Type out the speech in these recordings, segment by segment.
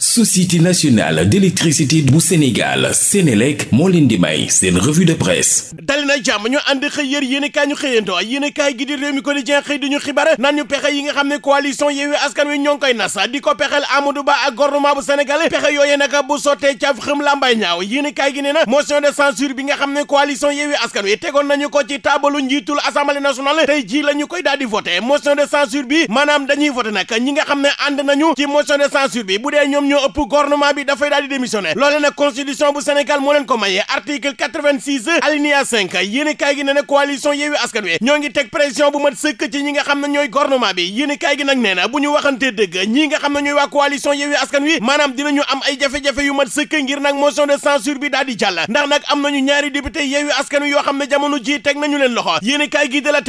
société nationale d'électricité bu Sénégal Sénélec moo leen di may seen revue de presse dali jàmm ñu ànd xëy yër yéen ñu xëyantoo yéen i réew mi ko di jen xëy di xibaar naan ñu pexe yi nga xam ne coalition Yewwi Askan Wi ñoo ngi koy nas di ko pexeel Amadou i kaay gi nee na motion de censure bi nga xam ne coalition Yewwi tegoon nañu ko ci taabalu njiitul Assemblée nationale tey ji la koy daal di motion de censure bi maanaam dañuy voté nag ñi nga xam ne ànd nañu ci motion de censure ñoo ëpp gouvernement bi dafay daal di démissionné loole nag constitution bu Sénégal moo leen ko mayee article 86 alinéa 5 yéen gi ne na coalition Askan Wi ñoo ngi teg pression bu mat sëkk ci ñi nga xam ne ñooy gouvernement bi yéen i kaay gi nag nee na bu ñu waxantee dëgg ñi nga xam ne ñooy waa coalition Yewwi Askan Wi maanaam dinañu am ay jafe-jafe yu mat sëkk ngir nag motion de censure bi daal di jàll ndax nag am nañu ñaari député Yewwi Askan Wi yoo xam ne jamono ji teg nañu leen loxo yéen i kaay gi nga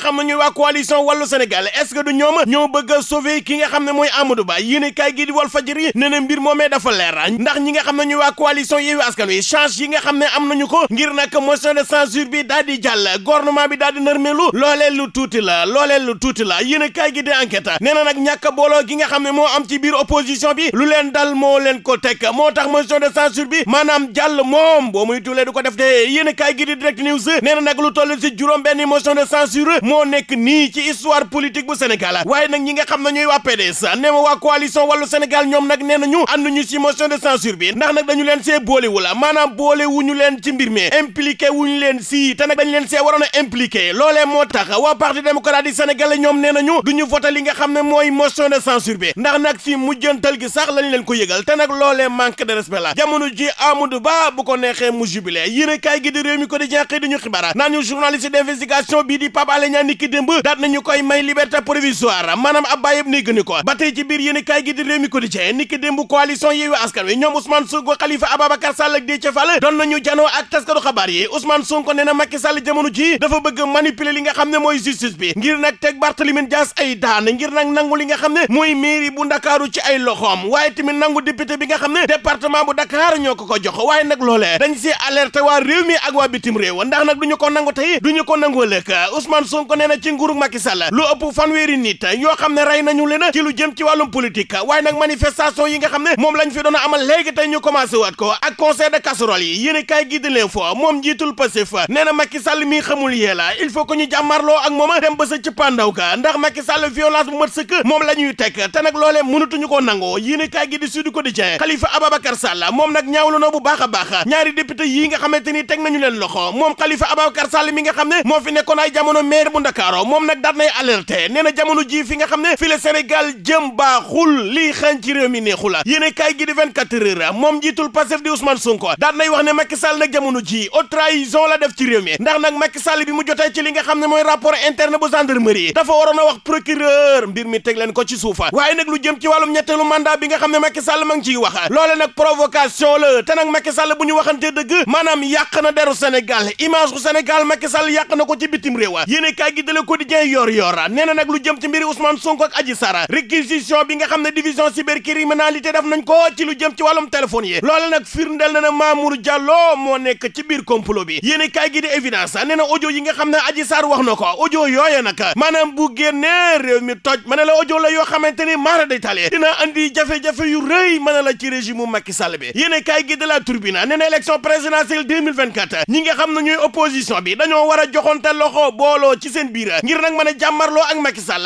xam ne ñooy waa coalition wàllu ki nga xam ne mooy Amadou Ba yéen kaay gi di Walf Fadjri nee na mbir moomee dafa leer ndax ñi nga xam ne ñu waa coalition Yewwi Askan Wi change yi nga ne am nañu ko ngir nag motion de censure bi daal di jàll gouvernement bi daal di nërmeelu loolee lu tuuti la loolee lu tuuti la yéen kaay gi di enquête nee na nag ñàkk booloo gi nga xam ne moo am ci biir opposition bi lu leen dal moo leen ko tek moo tax motion de censure bi maanaam jàll moom boo muy tuulee du ko def de yéen kaay gi di nee na nag lu toll ci juróom benn motion de censure moo nekk nii ci histoire politique bu Sénégal waaye nag ñi waa PDS nee ma waa coalition wàllu Sénégal ñoom nag nee nañu ànduñu ci motion de censure bi ndax nag dañu leen see boolewula maanaam boole wuñu leen ci mbir mi impliqué wuñu leen si te nag dañu leen see waroon a impliqué moo tax waa parti démocrate du ñoom nee nañu duñu voté li nga xam ne mooy motion de censure bi ndax nag si mujjantal gi sax lañ leen ko yëgal te nag loolee manque de respect la jamono ji Amadou Ba bu ko neexee dégg ni ko ba tey ci biir yéen kaay di Rewmi Quotidien démb coalition Yewwi Askan Wi ñoom Ousmane Sonko Khalifa Ababacar Sall ak Déthié Fall doon nañu janoo ak taskatu xabaar yi Ousmane Sonko nee na Macky Sall jamono bëgg manipuler nga xam ne mooy justice bi ngir nag teg Barthélémy Dias ay daan ngir nag nangu nga xam ne mooy mairie bu Ndakaaru ci ay loxoom waaye tamit nangu député bi nga xam ne département bu Dakar ñoo ko ko waaye nag loolee dañ si na suule na jëm ci wàllum politique waaye nag manifestation yi nga xam ne moom lañ fi doon amal léegi tey ñu commencé waat ko ak concert de casserole yi yéen a kaay fo moom njiitul Pastef nee na Macky Sall mi xamul il faut que ñu jàmmarloo ak moom dem ba ka ndax Macky Sall bu mat moom la ñuy te nag loolee mënatuñu koo nangoo yéen a kaay gi di Sud Quotidien Khalifa Ababacar moom nag ñaawlu bu baax baax ñaari député yi nga xam Sénégal jëm baaxul lii xañ ci réew mi neexu la yéen a kaay gi di 24 heures moom njiitul Pastef di Ousmane Sonko daan nay wax ne Macky Sall nag jamono ji haute trahison la def ci réew mi ndax nag Macky Sall bi mu jotee ci li nga xam ne mooy rappor interne bu gendarmerie dafa waroon a wax procureur mbir mi teg leen ko ci suufa waaye nag lu jëm ci wàllum ñetteelu mandat bi nga xam ne Macky Sall ma ngi ciy wax loole nag provocation la te nag Macky Sall bu ñu wax dëgg maanaam yàq na deru Sénégal image bu Sénégal Macky Sall yàq na ko ci bitim réew yéen a kaay gi de Le Quotidien yor yor nee na nag jëm ci mbiri Ousmane Sonko ak Sara réquisition bi nga xam ne division cybercriminalité def nañ ko ci lu jëm ci wàllum téléphone yi loola nag firndeel na na Mamour moo nekk ci biir complot bi yéen kaay gi di évidence nee na yi nga xam ne Adji Sarr wax na ko audio nag maanaam bu génnee réew toj ma la audio la yoo xamante ni maara tale dina andi jafe-jafe yu rëy mën a la ci régime mu Macky Sall bi yéen kaay gi de la Tribune nee na élection présidentielle 2024 ñi nga xam ne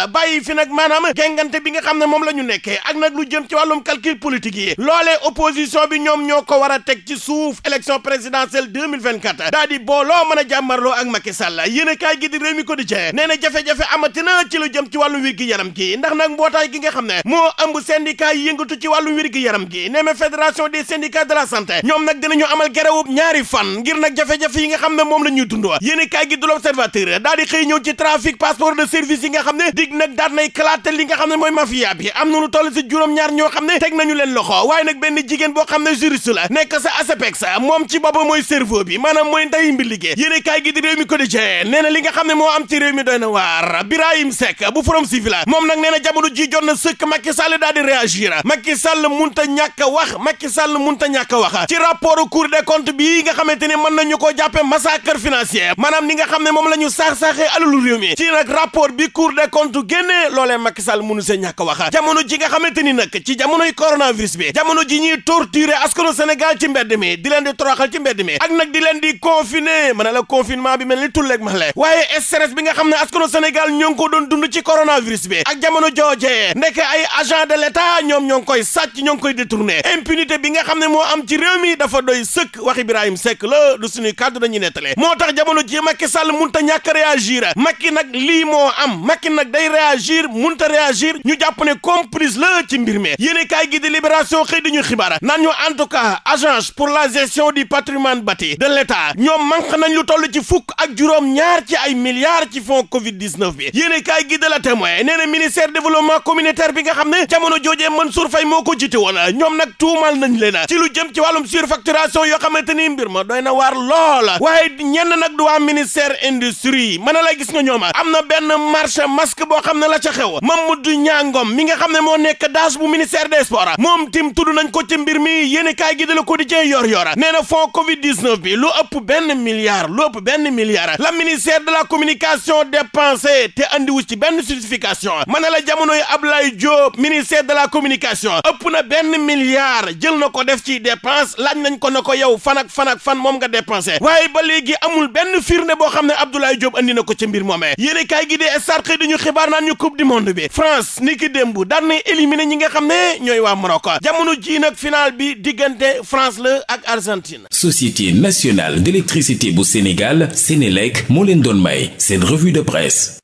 a a jengante bi nga xam ne moom la ñu nekkee ak nag lu jëm ci wàllum calcul politique yi loolee opposition bi ñoom ñoo ko war teg ci suuf élection présidentielle 2024 daa di booloo mën a jàmmarloo ak Macky Sall yéen a kaay gi di réew ko di cee nee na jafe-jafe amatina ci lu jëm ci wàllum wér yaram gi ndax nag mbootaay gi nga xam ne moo ëmb syndicat yi ci wàllum wér yaram gi nee na fédération des de la santé ñoom nag dinañu amal xam ne mooy mafia bi am na lu toll si juróom-ñaar ñoo xam ne teg nañu leen loxo waaye nag benn jigéen boo xam ne juriste la nekk sa ASEPEX moom ci boppam mooy cerveau bi maanaam mooy nday mbi liggéey yéene kaay gi di réew mi quotidien nee na li nga xam ne moo am ci réew mi doy na waar Birahim Seck bu Forum Civil moom nag nee na jamono ji jot na sëkk Macky Sall daal di réagir Macky Sall munta ñàkk a wax Macky Sall munta ñàkk a wax ci rapport Cour des comptes bi nga xamante ni mën nañu koo jàppe massacre financier maanaam li nga xam ne moom la ñu saax-saaxee alalu réew mi ci nag rapport bi Cour des comptes mënu see ñàkk wax jamono ji nga xamante ni nag ci jamonoy coronavirus bi jamono ji ñuy torturer askanu Sénégal ci mbedd mi di leen di toroxal ci mbedd mi ak nag di leen di confiner mën la confinement bi mel ni tulleeg ma le waaye stress bi nga xam ne askanu Sénégal ñoo ngi ko doon dund ci coronavirus bi ak jamono joojee ndekk ay agent de l'État ñoom ñoo ngi koy sàcc ñoo ngi koy détourner impunité bi nga xam ne moo am ci réew mi dafa doy sëkk wax Ibrahima sek la du suñuy kàddu dañuy nettale moo tax jamono ji Macky Sall munta ñàkk réagir Macky nag lii moo am Macky nag day réagir munta Bachir ñu jàpp ne complice la ci mbir mi yéen kaay gi di libération xëy di ñu xibaar naan ñu en tout cas agence la gestion du patrimoine bâti de l'État ñoom manque nañ lu toll ci fukk ak juróom ñaar ci ay milliards ci fonds Covid 19 bi yéen kaay gi la témoin nee na ministère développement bi nga xam ne jamono joojee Mansour Faye moo ko jiite woon ñoom nag tuumal nañ leen ci lu jëm ci wàllum surfacturation yoo xamante ni mbir ma doy na waar lool waaye ñenn nag du waa ministère na la gis am na benn marché masque boo xam ne la ca xew Amadou Ñangom mi nga xam ne moo nekk daas bu ministère des sports moom tim tudd nañ ko ci mbir mi yéen kaay gi de la quotidien yor yor nee na fond covid 19 bi lu ëpp benn milliard lu ëpp benn milliard la ministère de la communication dépensé te andiwu benn justification ma ne la jamonoy Ablaye Diop ministère de la communication ëpp na benn milliard jël na ko def ci dépense laaj nañ ko na ko yow fan ak fan fan moom nga dépensé waaye ba léegi amul benn firnde boo xam ne Abdoulaye Diop andi na ko ci mbir moomee yéen kaay gi de sarxëy di ñu xibaar naan ñu coupe France ni ki démb daan na éliminé ñi nga xam ne ñooy waa Maroc jamono ji nag final bi diggante France la ak Argentine. Société nationale d'électricité bu Sénégal Sénélec moo leen doon may seen revue de presse.